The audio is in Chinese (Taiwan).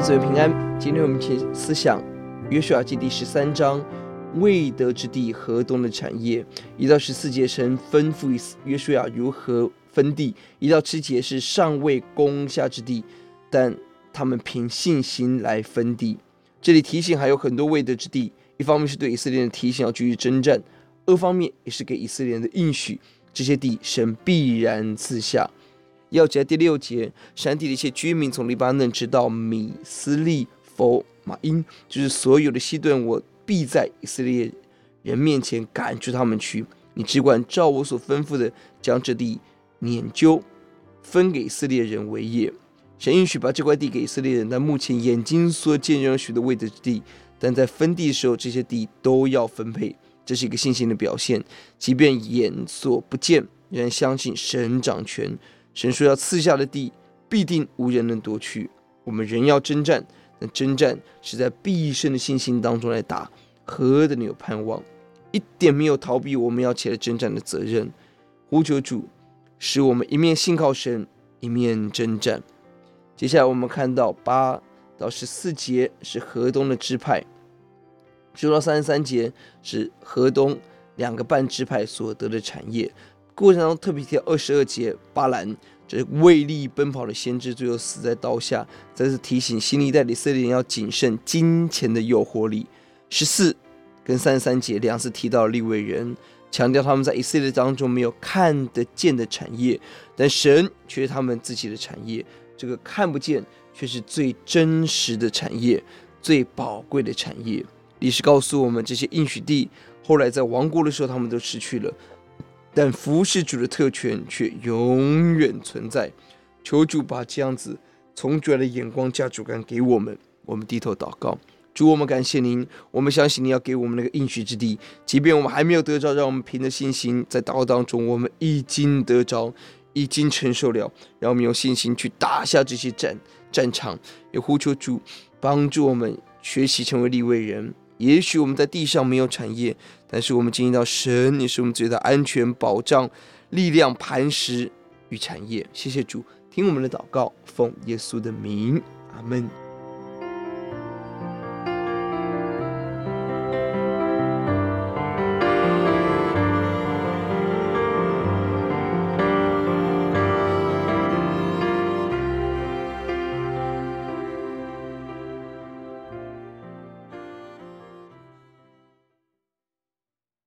左右平安，今天我們先思想《約書亞記》第十三章，未得之地，河東的產業一到十四節，神吩咐意思約書亞如何分地，一到七節是尚未攻下之地，但他們憑信心來分地。這裡提醒還有很多未得之地，一方面是對以色列的提醒，要繼續征戰，二方面也是給以色列的應許，這些地神必然賜下。要在第六節，山地的一些居民從利巴嫩直到米斯利弗瑪音，就是所有的西頓，我必在以色列人面前趕出他們去。你只管照我所吩咐的，將這地拈鬮分給以色列人為業。神應許把這塊地給以色列人，但目前眼睛所見仍有許多未得之地，但在分地的時候，這些地都要分配。這是一個信心的表現，即便眼所不見，仍然相信神掌權。神說要賜下的地，必定無人能奪去。我們仍要征戰，但征戰是在必勝的信心當中來打，何等的有盼望，一點沒有逃避。我們要起來征戰的責任，呼求主，使我們一面信靠神，一面征戰。接下來我們看到八到十四節是河東的支派，說到三十三節是河東兩個半支派所得的產業。過程當中特別提到二十二節巴蘭，這是為利奔跑的先知，最後死在刀下。再次提醒新一代以色列人要謹慎金錢的誘惑力。十四跟三十三節兩次提到利未人，強調他們在以色列當中沒有看得見的產業，但神卻是他們自己的產業。這個看不見卻是最真實的產業，最寶貴的產業。歷史告訴我們，這些應許地後來在亡國的時候，他們都失去了。但服侍主的特權卻永遠存在，求主把這樣子從主來的眼光、價值觀給我們。我們低頭禱告，主，我們感謝您，我們相信您要給我們那個應許之地，即便我們還沒有得着，讓我們憑着信心在禱告當中，我們已經得着，已經承受了。讓我們有信心去打下這些戰戰場，也呼求主幫助我們學習成為利未人。也許我們在地上沒有產業，但是我們經歷到神，也是我們最大的安全保障、力量、磐石與產業。謝謝主，聽我們的禱告，奉耶穌的名，阿門。